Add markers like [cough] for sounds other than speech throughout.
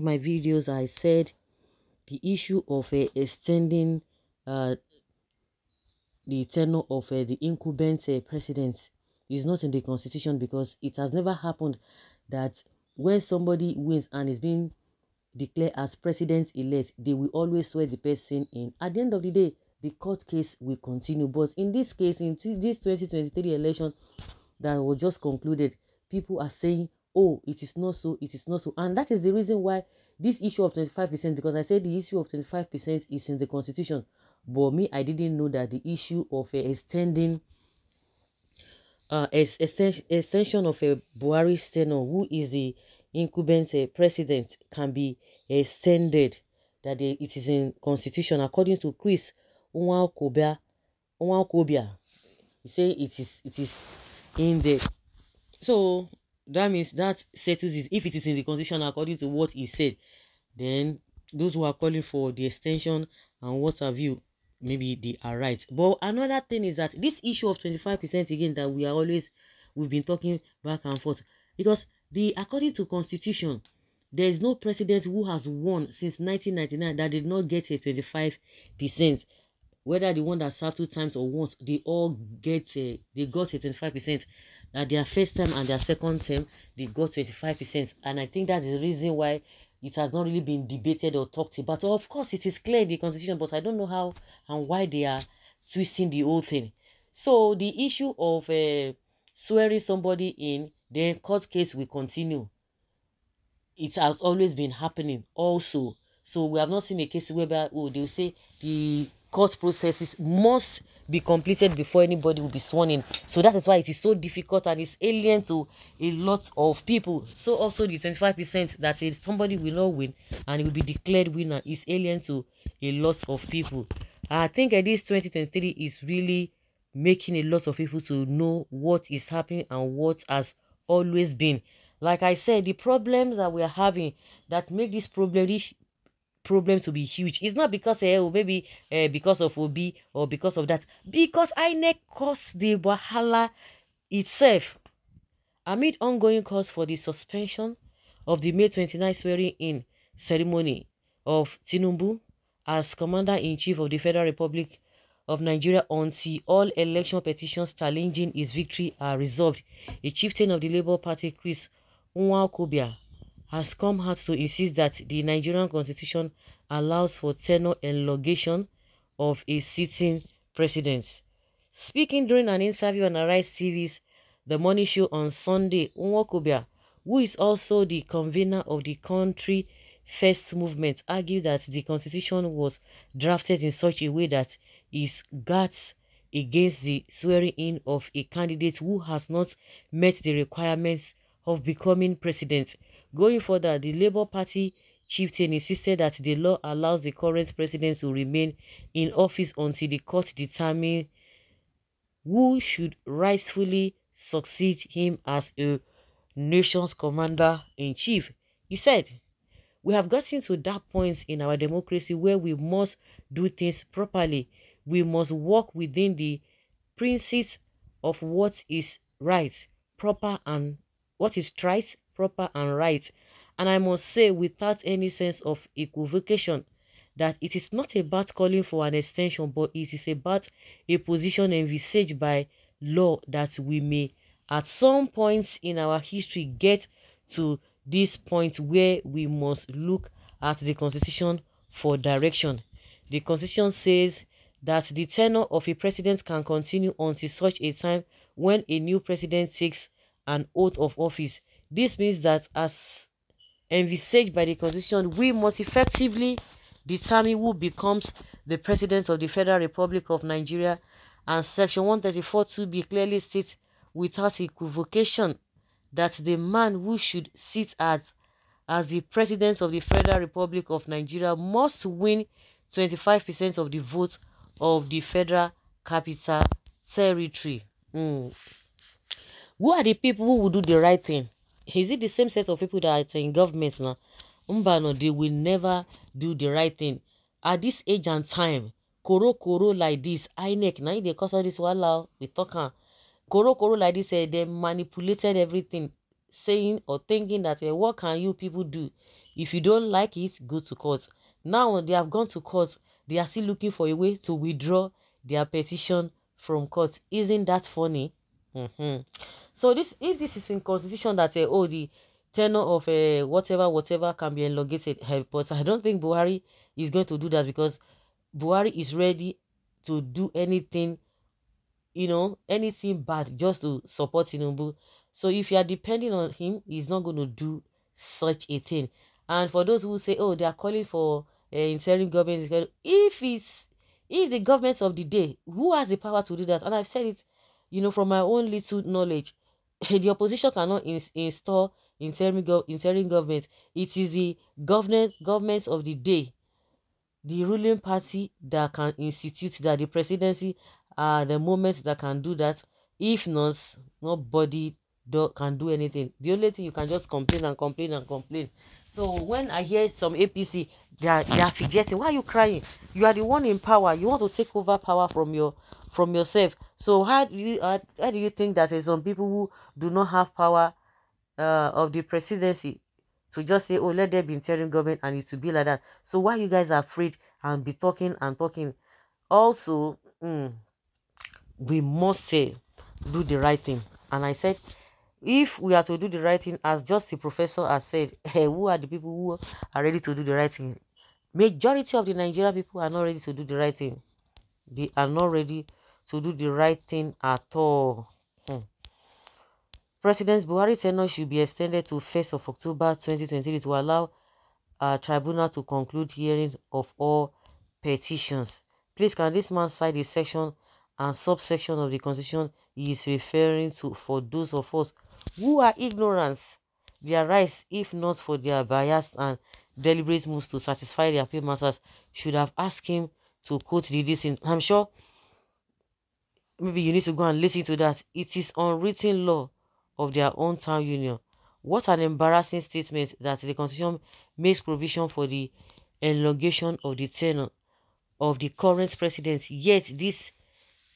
of my videos, I said the issue of uh, extending uh, the tenure of uh, the incumbent uh, president is not in the constitution because it has never happened that when somebody wins and is being declared as president-elect, they will always swear the person in. At the end of the day, the court case will continue. But in this case, in this 2023 election that was just concluded, people are saying oh, it is not so, it is not so. And that is the reason why this issue of 25%, because I said the issue of 25% is in the constitution. But me, I didn't know that the issue of uh, extending uh, extension of a uh, eh, Buhari tenure, who is the incumbent uh, president, can be extended. That it is in constitution according to Chris Nwankobia. Nwankobia, he say it is it is in the so that means that settles it if it is in the constitution according to what he said then those who are calling for the extension and what have you maybe they are right but another thing is that this issue of 25 percent again that we are always we've been talking back and forth because the according to constitution there is no president who has won since 1999 that did not get a 25 percent whether the one that served two times or once they all get a, they got a 25 percent that their first time and their second time they got 25%. And I think that is the reason why it has not really been debated or talked about. Of course, it is clear the constitution, but I don't know how and why they are twisting the whole thing. So the issue of uh, swearing somebody in, the court case will continue. It has always been happening also. So we have not seen a case whereby oh, they'll say the court processes must be completed before anybody will be sworn in. So that is why it is so difficult and it's alien to a lot of people. So also the 25% that if somebody will not win and will be declared winner is alien to a lot of people. I think at this 2023 is really making a lot of people to know what is happening and what has always been. Like I said, the problems that we are having that make this problem, this, problems to be huge. It's not because eh, oh, maybe eh, because of Obi or because of that. Because INEC caused the Wahala itself amid ongoing calls for the suspension of the May 29 swearing-in ceremony of Tinubu as Commander-in-Chief of the Federal Republic of Nigeria until all election petitions challenging his victory are resolved, a chieftain of the Labour Party, Chris Nwankobia, has come out to insist that the Nigerian constitution allows for tenure elongation of a sitting president. Speaking during an interview on Arise TV's The Money Show on Sunday, Nwokobia, who is also the convener of the country first movement, argued that the constitution was drafted in such a way that it guards against the swearing in of a candidate who has not met the requirements of becoming president. Going further, the Labour Party chieftain insisted that the law allows the current president to remain in office until the court determines who should rightfully succeed him as a nation's commander-in-chief. He said, we have gotten to that point in our democracy where we must do things properly. We must work within the principles of what is right, proper, and what is right proper and right, and I must say without any sense of equivocation that it is not about calling for an extension, but it is about a position envisaged by law that we may at some point in our history get to this point where we must look at the constitution for direction. The constitution says that the tenure of a president can continue until such a time when a new president takes an oath of office This means that as envisaged by the Constitution, we must effectively determine who becomes the President of the Federal Republic of Nigeria and Section 134.2b clearly states without equivocation that the man who should sit as, as the President of the Federal Republic of Nigeria must win 25% of the votes of the Federal Capital Territory. Mm. Who are the people who will do the right thing? is it the same set of people that are in government now? Mbano, they will never do the right thing. At this age and time, koro koro like this, I INEC, now they cause all this wahala, we talk am. Koro koro like this, eh, they manipulated everything, saying or thinking that eh, what can you people do? If you don't like it, go to court. Now they have gone to court, they are still looking for a way to withdraw their petition from court. Isn't that funny? Mm-hmm. So this if this is in constitution that uh, oh the tenor of uh, whatever whatever can be elongated, eh, but I don't think Buhari is going to do that because Buhari is ready to do anything, you know, anything bad just to support Tinubu. So if you are depending on him, he's not going to do such a thing. And for those who say, oh, they are calling for uh, interim government, if it's if the government of the day, who has the power to do that? And I've said it, you know, from my own little knowledge, the opposition cannot ins install interim, go interim government. It is the government, governments of the day, the ruling party that can institute that the presidency are the moment that can do that. If not, nobody do, can do anything. The only thing you can just complain and complain and complain. So when I hear some APC, they are, they are fidgeting. Why are you crying? You are the one in power. You want to take over power from your from yourself. So how do you uh, how do you think that there's some people who do not have power uh, of the presidency to just say, oh, let there be interim government and it will be like that. So why you guys are afraid and be talking and talking? Also, mm, we must say, do the right thing. And I said, if we are to do the right thing, as just the professor has said, hey, [laughs] eh, who are the people who are ready to do the right thing? Majority of the Nigerian people are not ready to do the right thing. They are not ready to do the right thing at all. Hmm. President Buhari tenure should be extended to 1st of October 2023 to allow a uh, tribunal to conclude hearing of all petitions. Please, can this man cite the section and subsection of the constitution he is referring to for those of us who are ignorance their rights if not for their biased and deliberate moves to satisfy their paymasters should have asked him to quote the decent. I'm sure maybe you need to go and listen to that. It is unwritten law of their own town union. What an embarrassing statement that the constitution makes provision for the elongation of the tenure of the current president. Yet this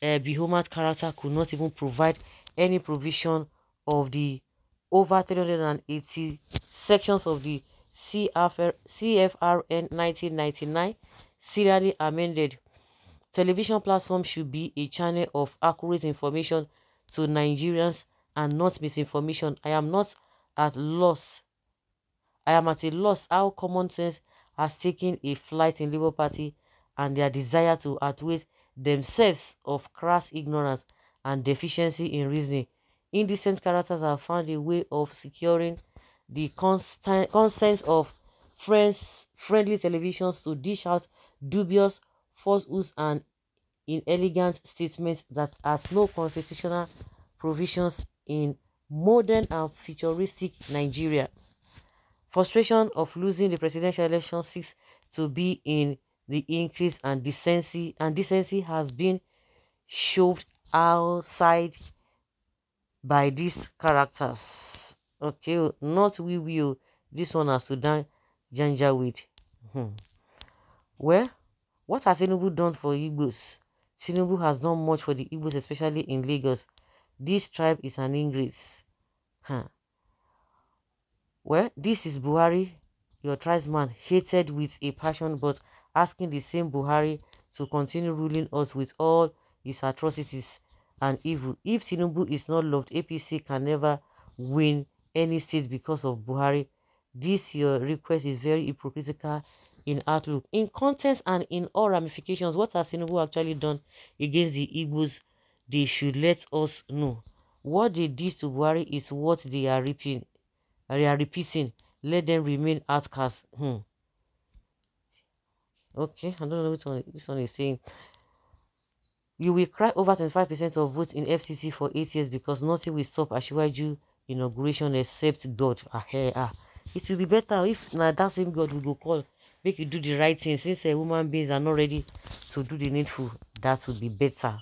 uh, eh, behomant character could not even provide any provision of the over 380 sections of the CFR, CFRN 1999 serially amended. Television platform should be a channel of accurate information to Nigerians and not misinformation. I am not at loss. I am at a loss how common sense has taken a flight in Labour Party and their desire to outweigh themselves of crass ignorance and deficiency in reasoning indecent characters have found a way of securing the constant consent of friends friendly televisions to dish out dubious falsehoods and inelegant statements that has no constitutional provisions in modern and futuristic Nigeria. Frustration of losing the presidential election seeks to be in the increase and decency and decency has been shoved outside by these characters. Okay, not we will. This one has to done gingerweed. Hmm. Well, what has Tinubu done for Igbos? Tinubu has done much for the Igbos, especially in Lagos. This tribe is an ingrate. Huh. Well, this is Buhari, your tribesman, hated with a passion, but asking the same Buhari to continue ruling us with all his atrocities and evil. If Tinubu is not loved, APC can never win any seats because of Buhari. This your request is very hypocritical in outlook. In contents and in all ramifications, what has Tinubu actually done against the Igbos? They should let us know. What they did to Buhari is what they are reaping. They are repeating. Let them remain outcasts. Hmm. Okay, I don't know which one this one is saying. You will cry over 25% of votes in FCC for eight years because nothing will stop Ashiwaju inauguration except God. Ah, hey, ah. It will be better if now that same God will go call, make you do the right thing since uh, woman beings are not ready to do the needful. That would be better.